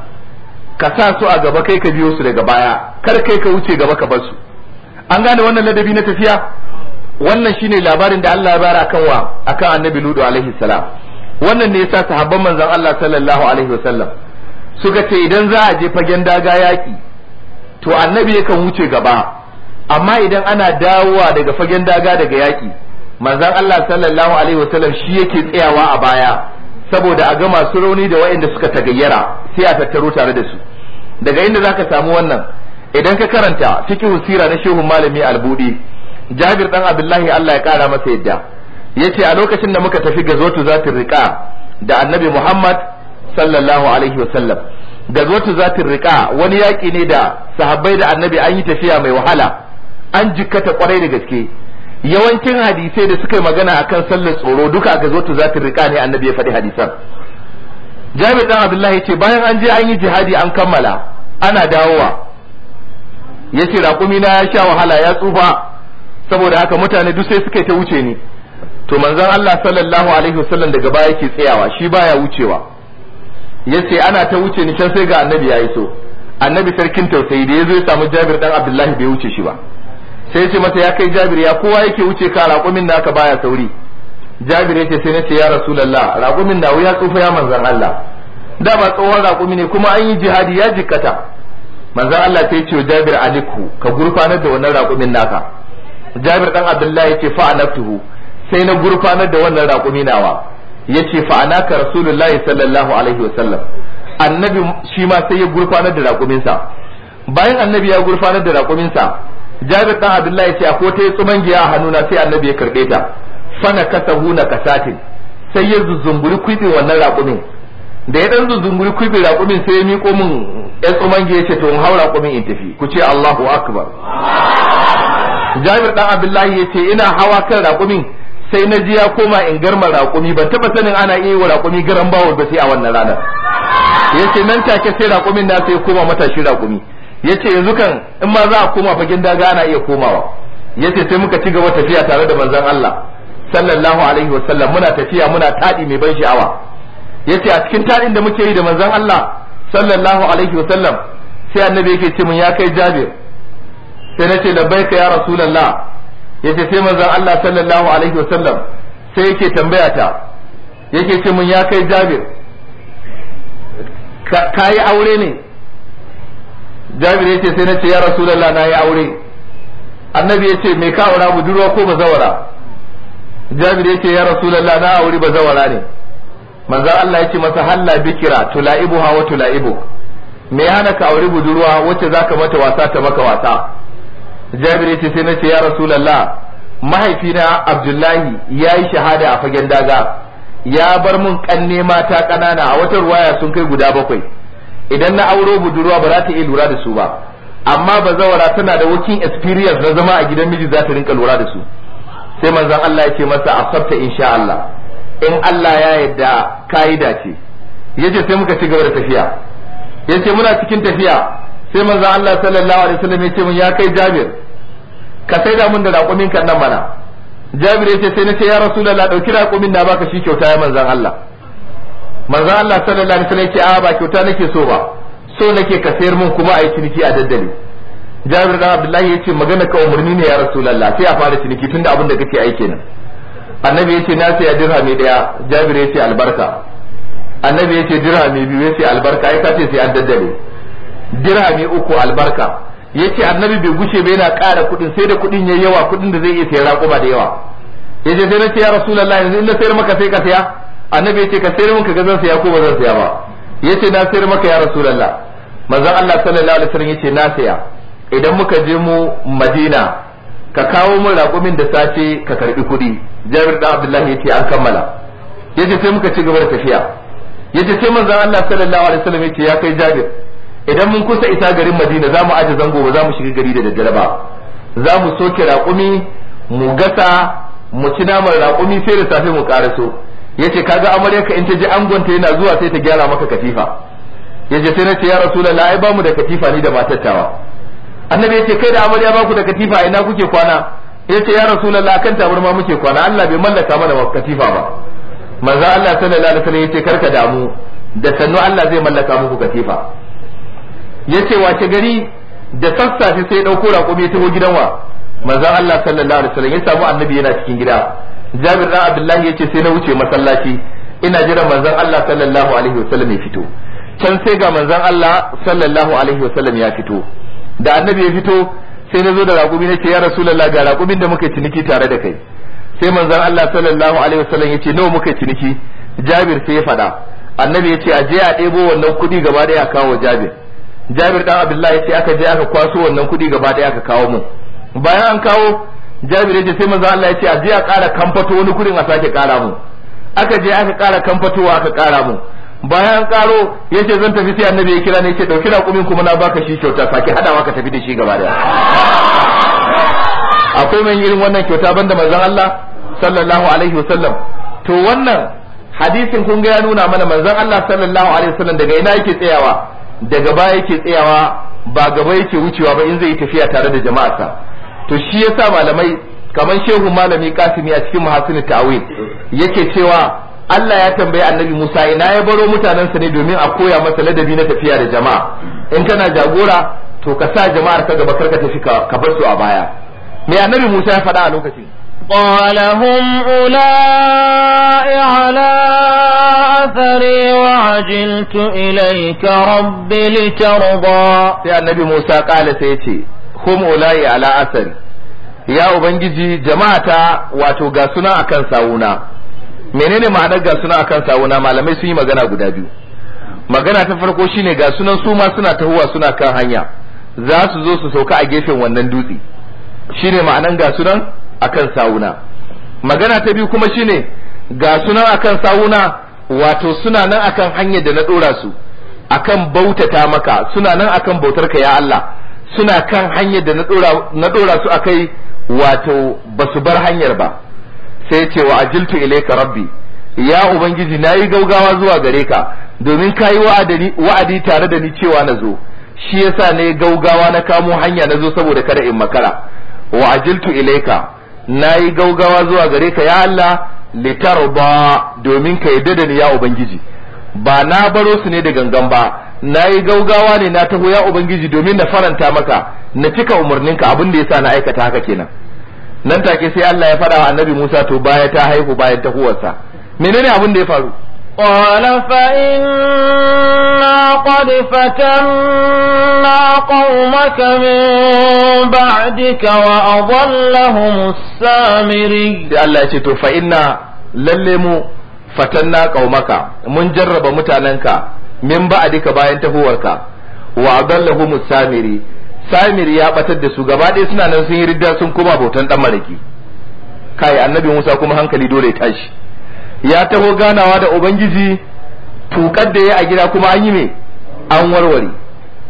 ka sa su a gaba kai ka biyo su daga baya kar kai ka wuce gaba ka bar su an gane wannan ladabi na tafiya wannan shine labarin da Allah ya bara akan wa akan annabi ludu alaihi salam wannan ne yasa sahabban manzon Allah sallallahu alaihi wasallam suka ce idan za a je fagen daga yaki to annabi yakan wuce gaba amma idan ana dawowa daga fagen daga daga yaki manzon Allah sallallahu alaihi wasallam shi yake tsayawa a baya saboda a ga masu rauni da waɗanda suka tagayyara sai a tattaro tare da su daga inda zaka samu wannan idan ka karanta cikin sira na shehu malami albudi jabir dan abdullahi Allah ya kara masa yadda yace a lokacin da muka tafi gazotu zatin riqa da annabi muhammad sallallahu alaihi wasallam gazotu zatin riqa wani yaki ne da sahabbai da annabi an yi tafiya mai wahala an jikkata kwarai da gaske yawancin hadisai da suka yi magana akan sallar tsoro duka gazotu zatin riqa ne annabi ya faɗi hadisan jabir dan abdullahi yace bayan an je an yi jihadi an kammala ana dawowa yace raƙumi na ya sha wahala ya tsufa saboda haka mutane duk sai suka ta wuce ni to manzon Allah sallallahu alaihi wasallam daga baya yake tsayawa shi baya wucewa yace ana ta wuce ni can sai ga annabi ya iso annabi sarkin tausayi da yazo ya samu Jabir dan Abdullahi bai wuce shi ba sai yace masa ya kai Jabir ya kowa yake wuce ka raƙumin da aka baya sauri Jabir yace sai nace ya Rasulullah raƙumin na wuya tsufa ya manzon Allah da ba tsohon raƙumi ne kuma an yi jihadi ya jikkata manzo Allah sai ce Jabir aliku ka gurfanar da wannan raƙumin naka Jabir dan Abdullahi yace fa anaftuhu sai na gurfanar da wannan raƙumi nawa yace fa anaka rasulullahi sallallahu alaihi wasallam annabi shi ma sai ya gurfanar da raƙumin sa bayan annabi ya gurfanar da raƙumin sa Jabir dan Abdullahi yace ko ta giya a hannuna sai annabi ya karbe ta fana kasahu na kasatin sai ya zuzumburi kwibin wannan raƙumin da ya dan zunguri kubi raƙumin sai ya miƙo min ya tsumange ya ce to n haura raƙumin in tafi ku ce Allahu akbar Jabir dan Abdullahi ya ce ina hawa kan raƙumin sai na ji ya koma in garma raƙumi ban taba sanin ana iya wa raƙumi garan bawo ba sai a wannan ranar ya ce nan take sai raƙumin na sai koma matashi raƙumi ya ce yanzu kan in ma za a koma fagen daga ana iya komawa ya ce sai muka ci gaba tafiya tare da manzon Allah sallallahu alaihi wasallam muna tafiya muna taɗi mai ban sha'awa yace a cikin tarin da muke yi da manzon Allah sallallahu alaihi wa sallam sai annabi yake ce mun ya kai Jabir sai nace labbaika ya rasulullah yace sai manzon Allah sallallahu alaihi wa sallam sai yake tambaya ta yake ce mun ya kai Jabir ka yi aure ne Jabir yace sai nace ya rasulullah na yi aure annabi yace me ka aura budurwa ko bazawara Jabir yace ya rasulullah na aure bazawara ne manzo Allah yake masa halla bikira tulaibuha wa tulaibu me hana ka aure budurwa wacce zaka mata wasa ta maka wasa Jabir yace sai nace ya Rasulullah mahaifina Abdullahi yayi shahada a fagen daga ya bar mun kanne mata kanana a wata ruwaya sun kai guda bakwai idan na auro budurwa ba za ta iya lura da su ba amma ba bazawara tana da working experience na zama a gidan miji za ta rinka lura da su sai manzon Allah ya ce masa asabta insha Allah in Allah ya yadda ka'ida ce yace sai muka ci gaba da tafiya yace muna cikin tafiya sai manzo Allah sallallahu alaihi wasallam yace mun ya kai Jabir ka sai da mun da raƙumin kan nan mana Jabir yace sai nace ya Rasulullah dauki raƙumin na baka shi kyauta ya manzon Allah manzo Allah sallallahu alaihi wasallam yace a ba kyauta nake so ba so nake ka sayar mun kuma a yi ciniki a daddare Jabir da Abdullahi yace magana ka umurni ne ya Rasulullah sai a fara ciniki tunda abin da kake aike nan annabi ya ce na siya dirhami daya jabir ce albarka annabi ya ce dirhami biyu ya ce albarka ai kace sai an daddare dirhami uku albarka Ya ce annabi bai gushe ba yana ƙara kuɗin sai da kuɗin yayi yawa kuɗin da zai iya sayar raƙuma da yawa yace sai na ce ya rasulullahi yanzu in na sayar maka sai ka siya. annabi ya ce ka sayar maka ga zan siya ko ba zan siya ba Ya ce na sayar maka ya rasulullah manzon Allah sallallahu alaihi wasallam ce na siya. idan muka je mu Madina ka kawo mun raƙumin da sace ka karbi kuɗi jabir da abdullahi yace an kammala yace sai muka ci gaba da tafiya yace sai manzo Allah sallallahu alaihi wasallam yace ya kai jabir idan mun kusa isa garin Madina za mu aje zango ba za mu shiga gari da daddare ba za mu soke raƙumi mu gasa mu ci naman raƙumi sai da safe mu ƙaraso yace kaga ka in ta ji angonta yana zuwa sai ta gyara maka katifa yace sai na ce ya rasulullahi ai ba mu da katifa ni da matattawa annabi yace kai da amarya ba ku da katifa ina kuke kwana yace ya rasulullah kan tabarma muke kwana Allah bai mallaka mana katifa ba manzo Allah sallallahu alaihi wasallam yace karka damu da sannu Allah zai mallaka muku katifa yace wace gari da sassafe sai dauko raƙumi ya taho gidan wa manzo Allah sallallahu alaihi wasallam ya samu annabi yana cikin gida Jabir dan Abdullahi yace sai na wuce masallaci ina jiran manzon Allah sallallahu alaihi wasallam ya fito can sai ga manzon Allah sallallahu alaihi wasallam ya fito da annabi ya fito sai na zo da raƙumi na ce ya rasulullah ga raƙumin da muka ciniki tare da kai sai manzan Allah sallallahu alaihi wasallam ce nawa muka ciniki Jabir sai ya faɗa annabi ya ce a je a ɗebo wannan kuɗi gaba ɗaya a kawo Jabir Jabir dan Abdullahi ya ce aka je aka kwaso wannan kuɗi gaba ɗaya aka kawo mu bayan an kawo Jabir ya ce sai manzan Allah ya ce a je a ƙara kamfato wani kuɗin a sake ƙara mu aka je aka ƙara kamfatowa aka ƙara mu bayan karo ce zan tafi sai annabi ya kira ne yace dauki raƙumin kuma na baka shi kyauta saki hadawa ka tafi da shi gaba daya akwai mai irin wannan kyauta banda manzon Allah sallallahu alaihi wasallam to wannan hadisin kun ga ya nuna mana manzon Allah sallallahu alaihi wasallam daga ina yake tsayawa daga baya yake tsayawa ba gaba yake wucewa ba in zai yi tafiya tare da jama'arsa to shi yasa malamai kamar shehu malami kasimi a cikin mahasin ta'awil yake cewa Allah ya tambayi annabi Musa ina ya baro mutanensa ne domin a koya masa ladabi na tafiya da jama'a in kana jagora to ka sa jama'ar ka gaba karka tafi ka bar su a baya me annabi Musa ya faɗa a lokacin قال هم أولئك على أثري وعجلت إليك رب Sai annabi Musa kala sai yace hum ula'i ala athari ya Ubangiji jama'ata wato ga suna a sawuna, menene ma'anar ga suna akan sawuna malamai sun yi magana guda biyu magana ta farko shine ga sunan su ma suna tahuwa suna kan hanya za su zo su sauka a gefen wannan dutse shine ma'anar ga sunan akan sawuna magana ta biyu kuma shine ga sunan akan sawuna wato suna nan akan hanyar da na dora su akan bautata maka suna nan akan bautar ka ya Allah suna kan hanyar da na dora su akai wato basu bar hanyar ba sai ce wa ajiltu ilayka rabbi ya ubangiji nayi gaugawa zuwa gare ka domin kayi wa'adi tare da ni cewa na zo shi yasa ne gaugawa na kamo hanya na zo saboda kada in makara wa ajiltu ilayka nayi gaugawa zuwa gare ka ya Allah litarba domin ka yarda da ni ya ubangiji ba na baro su ne da gangan ba nayi gaugawa ne na taho ya ubangiji domin na faranta maka na cika umarninka abin da yasa na aikata haka kenan nan take sai Allah ya fara wa annabi Musa to baya ta haihu bayan ta huwarsa menene abin da ya faru qala fa inna qad fatanna qaumaka min ba'dika wa adallahum samiri Allah ya ce to fa inna lalle mu fatanna qaumaka mun jarraba mutanenka min ba'dika bayan ta huwarka wa adallahum samiri samir ya batar da su gaba ɗaya suna nan sun yi ridda sun koma bautan ɗan maraki kai annabi Musa kuma hankali dole ya tashi ya taho ganawa da ubangiji tukar da ya a gida kuma an yi me an warware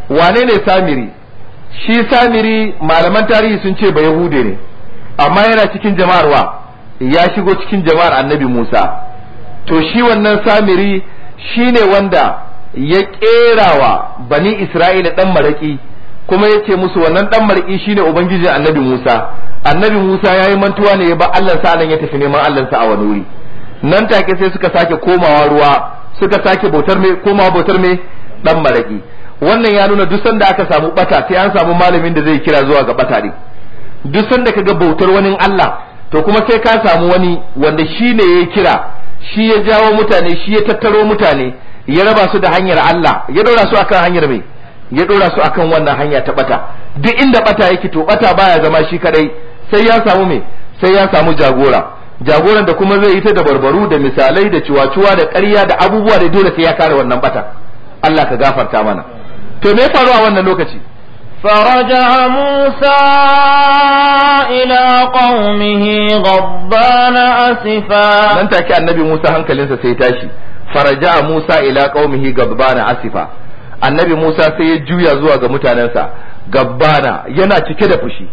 wane ne samiri shi samiri malaman tarihi sun ce ba yahude ne amma yana cikin jama'ar wa ya shigo cikin jama'ar annabi Musa to shi wannan samiri shine wanda ya kerawa bani Isra'ila ɗan maraki kuma ya ce musu wannan dan mar'i shine ubangiji annabi Musa annabi Musa yayi mantuwa ne ya ba Allah sa nan ya tafi neman Allah sa a wani wuri nan take sai suka sake komawa ruwa suka sake bautar me komawa bautar mai dan maraki wannan ya nuna duk sanda aka samu bata sai an samu malamin da zai kira zuwa ga bata ne duk sanda kaga bautar wani Allah to kuma sai ka samu wani wanda shi ne ya kira shi ya jawo mutane shi ya tattaro mutane ya raba su da hanyar Allah ya daura su akan hanyar mai ya dora su akan wannan hanya ta bata duk inda bata yake to bata baya zama shi kadai sai ya samu me sai ya samu jagora jagoran da kuma zai yi ta da da misalai da ciwaciwa da ƙarya da abubuwa da dole sai ya kare wannan bata Allah ka gafarta mana to me faru a wannan lokaci فرجع موسى إلى قومه غضبان أسفا nan take annabi Musa hankalinsa sai tashi faraja Musa ila qaumihi gadbana asifa annabi Musa sai ya juya zuwa ga mutanensa gabbana yana cike da fushi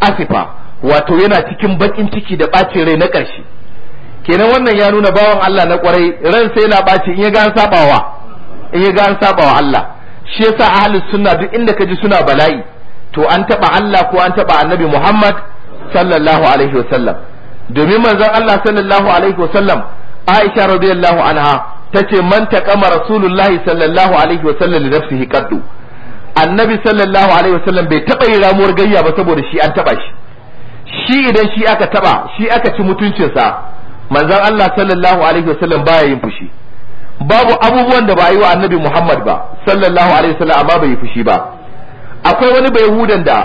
asifa wato yana cikin bakin ciki da bacin rai na ƙarshe kenan wannan ya nuna bawan Allah na kwarai ran sai yana baci in ya ga an sabawa in ya ga an sabawa Allah shi yasa ahlus sunna duk inda ka ji suna bala'i to an taba Allah ko an taba annabi Muhammad sallallahu alaihi wasallam domin manzon Allah sallallahu alaihi wasallam Aisha radiyallahu anha tace man taqama rasulullahi sallallahu alaihi sallam li nafsihi qaddu annabi sallallahu alaihi wa sallam bai taba yi ramuwar gayya ba saboda shi an taba shi shi idan shi aka taba shi aka ci mutuncinsa manzon Allah sallallahu alaihi wa sallam baya yin fushi babu abubuwan da ba yi wa annabi Muhammad ba sallallahu alaihi sallam amma bai yi fushi ba akwai wani bai hudan da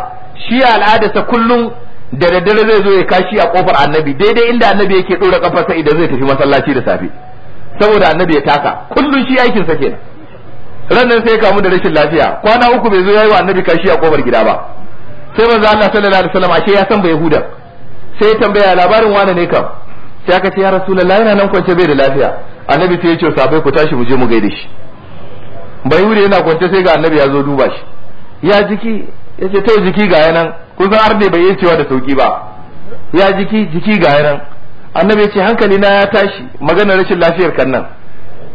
shi al'adarsa kullum da daddare zai zo ya kashi a kofar annabi daidai inda annabi yake dora kafarsa idan zai tafi masallaci da safe saboda annabi ya taka kullun shi aikin sa kenan ranan sai kamu da rashin lafiya kwana uku bai zo yayi wa annabi kashi a kofar gida ba sai manzo Allah sallallahu alaihi wasallam ashe ya san bai huda sai ya tambaya labarin wane ne kam sai aka ce ya rasulullahi yana nan kwance bai da lafiya annabi sai ya ce sabai ku tashi mu je mu gaida shi bai hude yana kwance sai ga annabi ya zo duba shi ya jiki ya ce to jiki ga yanan kun san ne bai yi cewa da sauki ba ya jiki jiki ga yanan annabi ce hankali na ya tashi maganar rashin lafiyar kan nan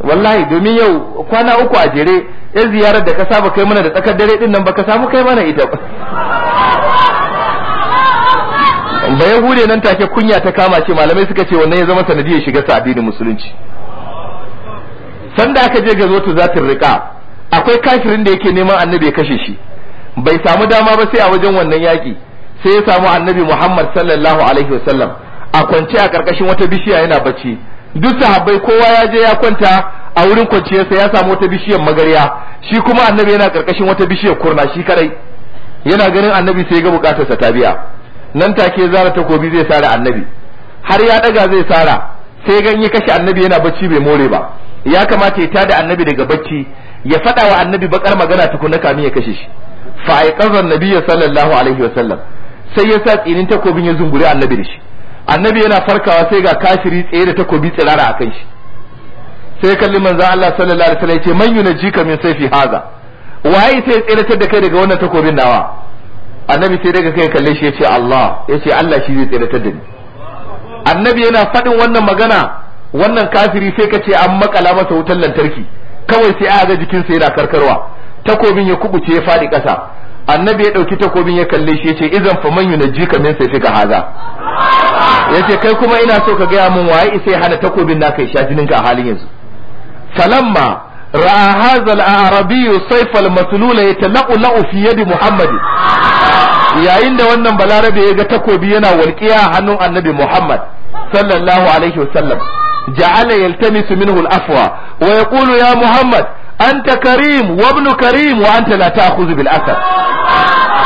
wallahi domin yau kwana uku a jere yan ziyarar da ka saba kai mana da tsakar dare din nan ka samu kai mana ita ba hude nan take kunya ta kama ce malamai suka ce wannan ya zama sanadiyar shiga sa addinin musulunci sanda aka je ga tu zatin riƙa akwai kafirin da yake neman annabi ya kashe shi bai samu dama ba sai a wajen wannan yaki sai ya samu annabi Muhammad sallallahu alaihi wasallam a kwance a karkashin wata bishiya yana bacci duk sahabbai kowa ya je ya kwanta a wurin kwanciyarsa ya samu wata bishiyar magarya shi kuma annabi yana karkashin wata bishiyar kurna shi kadai yana ganin annabi sai ga bukatarsa ta biya nan take zara takobi zai sara annabi har ya daga zai sara sai gan ya kashe annabi yana bacci bai more ba ya kamata ya tada annabi daga bacci ya faɗawa wa annabi bakar magana tukunna kamin ya kashe shi fa aiqazan nabiyyi sallallahu alaihi wasallam sai ya sa tsinin takobin ya zunguri annabi da shi annabi yana farkawa sai ga kafiri tsaye da takobi tsirara a kai shi sai kalli manzon Allah sallallahu alaihi wasallam ya ce man yunajika min sayfi haza waye sai tsiratar da kai daga wannan takobin nawa annabi sai daga kai kalle shi ya ce Allah ya ce Allah shi zai tsiratar da ni annabi yana faɗin wannan magana wannan kafiri sai ka ce an makala masa wutar lantarki kawai sai a ga jikinsa yana karkarwa takobin ya kubuce ya faɗi kasa annabi ya ɗauki takobin ya kalle shi yace idan fa man ka min sayfika haza yace kai kuma ina so ka gaya min waye sai hana takobin naka ya sha jinin ka a halin yanzu falamma ra'a hadha al-arabi sayf al-matlula yatalaqu fi yadi muhammad yayin da wannan balarabe ya ga takobi yana a hannun annabi muhammad sallallahu alaihi wasallam ja'ala yaltamisu minhu al-afwa wa yaqulu ya muhammad anta karim wa karim wa anta la ta'khudhu bil asar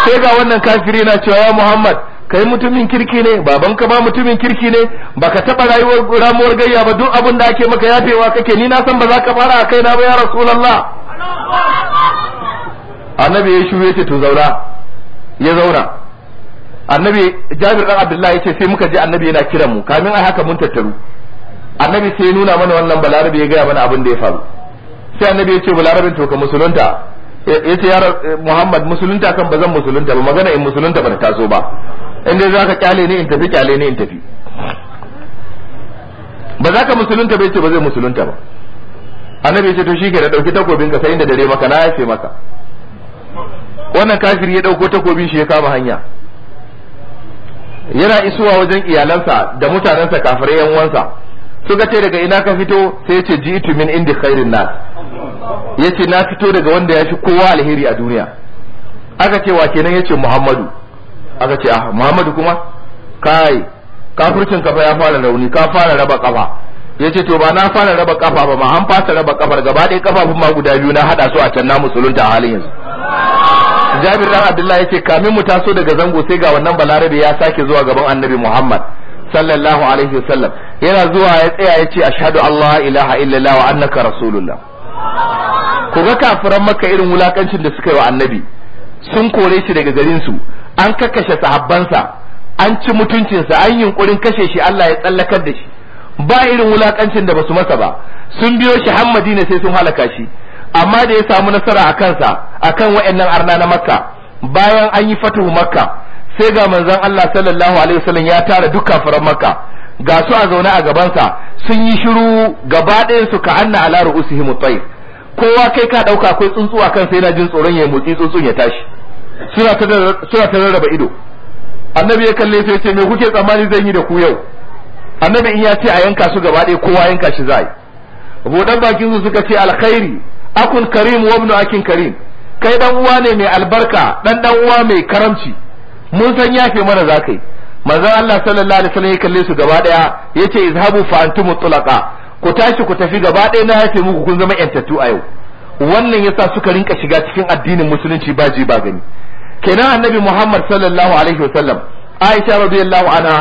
sai ga wannan kafiri na cewa ya muhammad kai mutumin kirki ne baban ka ba mutumin kirki ne baka taba rayuwar ramuwar gayya ba duk abin da ake maka yafewa kake ni na san ba za ka fara a kaina ba ya rasulullah annabi ya shuye ta to zauna ya zauna annabi jabir dan abdullahi yace sai muka je annabi yana kiran mu kamin ai haka mun tattaru annabi sai ya nuna mana wannan balarabe ya gaya mana abin da ya faru sai annabi ya ce balarabin to ka musulunta ya ce ya eh, muhammad musulunta kan ba zan musulunta ba magana in musulunta ba ta taso ba in dai za ka kyale ni in tafi kyale ni in tafi ba za ka musulunta ba ce ba zai musulunta ba annabi ya ce to shi ke da ɗauki takobin ka sai inda dare maka na yafe maka wannan kafiri ya ɗauko takobin shi ya kama hanya yana isuwa wajen iyalansa da mutanensa kafirai yan uwansa suka ce daga ina ka fito sai ya ce ji min indi khairin nas yace na fito daga wanda ya fi kowa alheri a duniya aka ce wa kenan yace Muhammadu aka ce ah Muhammadu kuma kai kafircin kafa ya fara rauni ka fara raba kafa yace to ba na fara raba kafa ba ma an fasa raba kafar gaba ɗaya kafafun ma guda biyu na haɗa su a can na musulunta a halin yanzu Jabir dan Abdullah yace kamin mu taso daga zango sai ga wannan balarabe ya sake zuwa gaban Annabi Muhammad sallallahu alaihi wasallam yana zuwa ya tsaya yace ashhadu an la ilaha illallah wa annaka rasulullah ku ga kafiran maka irin wulakancin da suka yi wa annabi sun kore shi daga garin su an kakkashe sahabbansa an ci mutuncinsa an yunkurin kashe shi Allah ya tsallakar da shi ba irin wulakancin da basu masa ba sun biyo shi har Madina sai sun halaka shi amma da ya samu nasara a kansa akan wayannan arna na Makka bayan an yi fatuhu Makka sai ga manzon Allah sallallahu alaihi wasallam ya tara duk kafiran Makka ga su a zaune a gabansa sun yi shiru gaba ɗayan su ka anna ala ru'usihim at kowa kai ka dauka akwai tsuntsuwa kan sai yana jin tsoron ya motsi tsuntsun ya tashi suna ta rarraba ido annabi ya kalle sai ce me kuke tsammani zan yi da ku yau annabi in ya ce a yanka su gaba ɗaya kowa yanka shi zai budan bakin su suka ce alkhairi akun karim wa ibnu akin karim kai dan uwa ne mai albarka dan dan uwa mai karamci mun san yafe mana zakai manzon Allah sallallahu alaihi wasallam ya kalle su gaba daya yace izhabu fa antum mutlaqa ku tashi ku tafi gaba daya na yace muku kun zama yantattu a yau wannan yasa suka rinka shiga cikin addinin musulunci ba ji ba gani kenan annabi Muhammad sallallahu alaihi wasallam Aisha radiyallahu anha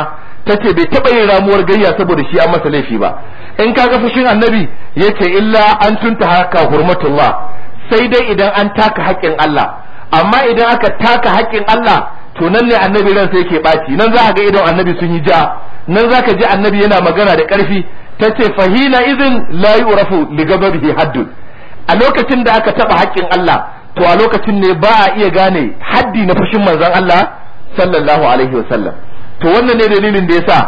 tace bai taba yin ramuwar gayya saboda shi an masa laifi ba in kaga fushin annabi yace illa an tunta haka hurmatullah sai dai idan an taka haƙƙin Allah amma idan aka taka haƙƙin Allah to nan ne annabi ransa yake baci nan za ga idan annabi sun yi ja nan za ka ji annabi yana magana da karfi tace fahina idin la yurafu li gababihi haddun a lokacin da aka taba haƙƙin Allah to a lokacin ne ba a iya gane haddi na fushin manzon Allah sallallahu alaihi wa sallam. to wannan ne dalilin da yasa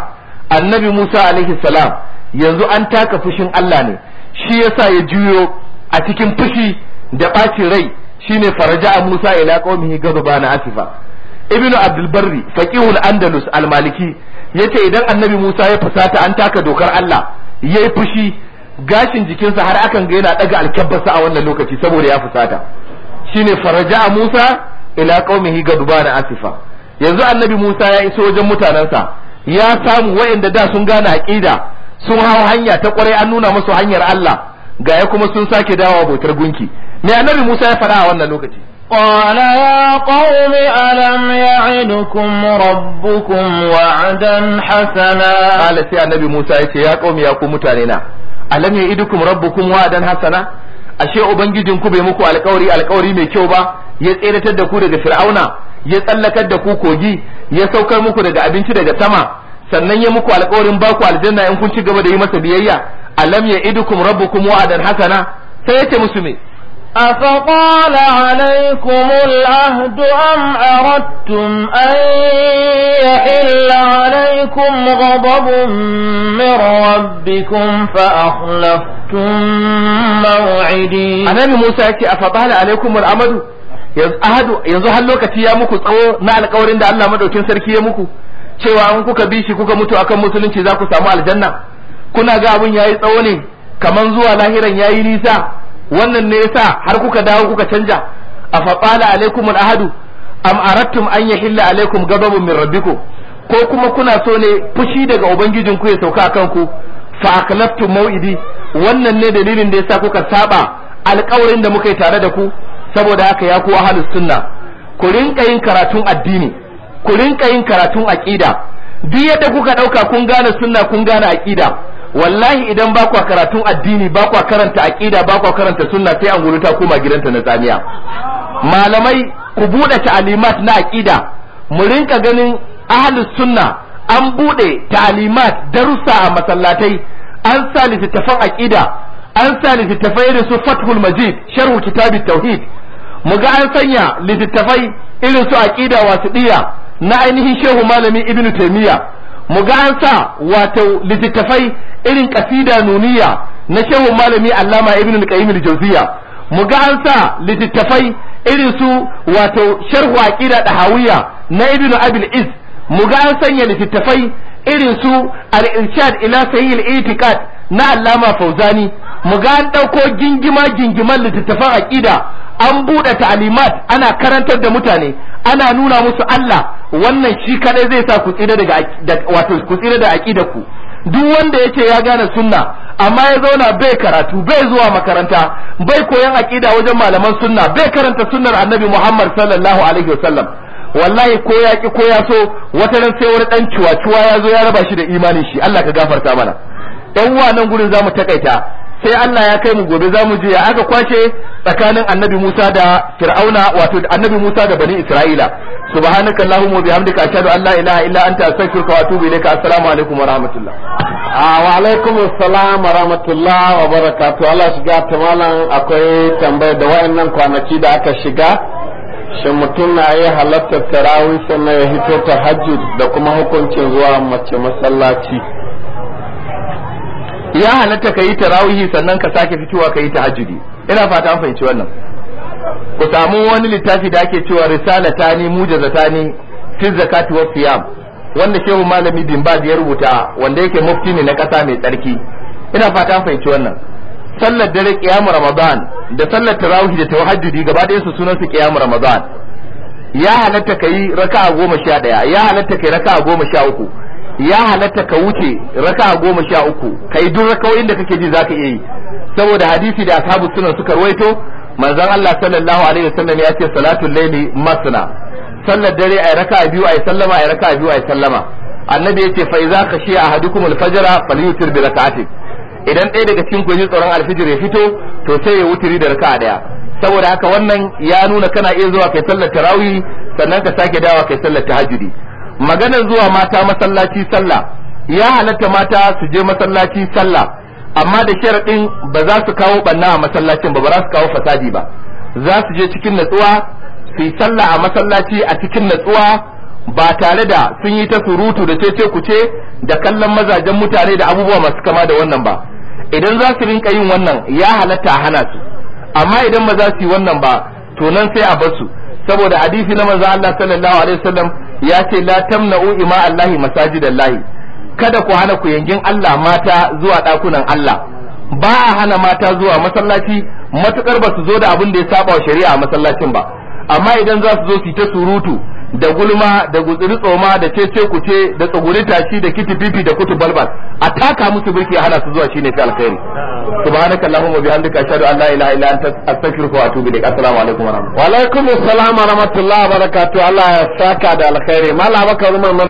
annabi Musa alaihi salam yanzu an taka fushin Allah ne shi yasa ya juyo a cikin fushi da ɓacin rai shine faraja Musa ila qaumihi na asifa ibnu abdul barri faqihul andalus Almaliki, yace idan annabi musa ya fusata an taka dokar allah yayi fushi gashin jikinsa har akan ga yana daga alkabbasa a wannan lokaci saboda ya fusata shine faraja musa ila qaumihi gadbana asifa yanzu annabi musa ya iso wajen mutanensa ya samu wayanda da sun gane aqida sun hau hanya ta kwarai an nuna musu hanyar allah ga ya kuma sun sake dawowa bautar gunki me annabi musa ya faɗa a wannan lokaci قال يا قوم ألم يعدكم ربكم وعدا حسنا قال سي النبي موسى يا قوم يا قوم متانينا ألم يعدكم ربكم وعدا حسنا ashe ku bai muku alkawari alkawari mai kyau ba ya tseratar da ku daga fir'auna ya tsallakar da ku kogi ya saukar muku daga abinci daga sama sannan ya muku alkawarin ba ku aljanna in kun ci gaba da yi masa biyayya alam ya idukum rabbukum wa'adan hasana sai ya ce musu me أفطال عليكم العهد أم أردتم أن يحل عليكم غضب من ربكم فأخلفتم موعدي النبي موسى يكي أفطال عليكم العمد yanzu har lokaci ya muku tsawo na alkawarin da Allah madaukin sarki ya muku cewa in kuka bi shi kuka mutu akan musulunci za ku samu aljanna kuna ga abin yayi tsawo ne kaman zuwa lahiran yayi nisa wannan ne yasa har kuka dawo kuka canja a faɓala alaikum ahadu am arattum an hilla alaikum gababu min rabbiku ko kuma kuna so ne fushi daga ubangijin ku ya sauka kan ku fa akhlaftum mau'idi wannan ne dalilin da yasa kuka saba alƙawarin da muka yi tare da ku saboda haka ya ku ahlus sunna ku rinka yin karatun addini ku rinka yin karatun aqida duk yadda kuka dauka kun gane sunna kun gane aqida wallahi idan ba kwa karatun addini ba kwa karanta aqida ba kwa karanta sunna sai an guruta koma gidanta na tsamiya malamai ku bude ta'alimat na aqida mu rinka ganin ahlus sunna an bude ta'alimat darussa a masallatai an sa littattafan aqida an sa littattafai da su fathul majid sharhu kitabit tauhid mu ga an sanya littattafai irin su aqida wasidiya na ainihin shehu malami ibnu taymiya mu ga an sa wato littattafai irin kasida nuniya na shehun malami allama ibn al-qayyim al-jawziya mu ga an sa littattafai irin su wato sharhu aqida dahawiya na ibn abil iz mu ga an sanya littattafai irin su al-irshad ila sahih al-i'tiqad na allama fauzani mu ga an ɗauko gingima gingiman littattafan aƙida an buɗe ta'alimat ana karantar da mutane ana nuna musu Allah wannan shi kaɗai zai sa ku tsira daga wato ku tsira da aƙida ku duk wanda ya ce ya gane sunna amma ya zauna bai karatu bai zuwa makaranta bai koyan aƙida wajen malaman sunna bai karanta sunnar annabi Muhammad sallallahu alaihi wasallam wallahi ko ya ki ko ya so wata ran sai wani dan ciwa-ciwa ya zo ya raba shi da imanin shi Allah ka gafarta mana dan wa nan gurin mu takaita sai Allah ya kai mu gobe za mu je ya aka kwashe tsakanin annabi Musa da Fir'auna wato annabi Musa da bani Isra'ila subhanaka allahumma wa bihamdika ashhadu an la ilaha illa anta astaghfiruka wa atubu ilaika assalamu alaikum wa rahmatullah ah, wa alaikum assalam wa rahmatullah wa barakatuh Allah shiga ta malam akwai tambaya da wayannan kwanaki da aka shiga shin mutum na yi halartar tarawih sannan ya hito ta hajji da kuma hukuncin zuwa mace masallaci ya halatta ka yi tarawihi sannan ka sake fitowa ka yi tahajjudi ina fata an fahimci wannan ku samu wani littafi da ake cewa risalatani mujazatani fi zakati wa siyam wanda shehu malami bin baz ya rubuta wanda yake mufti ne na kasa mai tsarki ina fata an fahimci wannan sallar dare qiyam ramadan da sallar tarawih da tahajjudi gaba ɗaya su sunan su qiyam ramadan ya halatta kai raka'a goma ya halatta kai raka'a goma sha uku ya halatta ka wuce raka goma sha uku ka yi duk rakawoyin da kake ji za ka iya yi saboda hadisi da ashabu suna suka ruwaito manzon Allah sallallahu alaihi wasallam ya ce salatul laili masna sallar dare ai raka biyu ay sallama ai raka biyu ay sallama annabi ya ce fa iza khashiya ahadukum al-fajr falyutir bi rak'atin idan ɗaya daga cikin ku tsaron tsoron alfijir ya fito to sai ya wuturi da raka daya saboda haka wannan ya nuna kana iya zuwa kai sallar tarawih sannan ka sake dawa kai sallar tahajjudi maganar zuwa mata masallaci sallah ya halatta mata su je masallaci sallah amma da sharaɗin ba za su kawo banna a masallacin ba ba za su kawo fasadi ba za su je cikin natsuwa su yi sallah a masallaci a cikin natsuwa ba tare da sun yi ta surutu da cece kuce da kallon mazajen mutane da abubuwa masu kama da wannan ba idan za su rinka yin wannan ya halatta a hana su amma idan ba za su yi wannan ba to nan sai a bar su saboda hadisi na manzo Allah sallallahu alaihi wasallam ya ce la tamna'u ima Allahi masajidallahi kada ku hana ku yangin Allah mata zuwa dakunan Allah ba a hana mata zuwa masallaci matukar ba su zo da abin da ya saba wa shari'a masallacin ba amma idan za su zo su ta surutu da gulma da gutsuri tsoma da cece kuce da tsuguri tashi da kiti pipi da kutu balbal a taka musu birki hana su zuwa shine fi alkhairi subhanaka allahumma bihamdika ashhadu an la ilaha illa anta astaghfiruka wa atubu ilaik assalamu alaikum wa rahmatullahi wa alaikum wa rahmatullahi wa barakatuh Allah ya saka da alkhairi mallaka rumman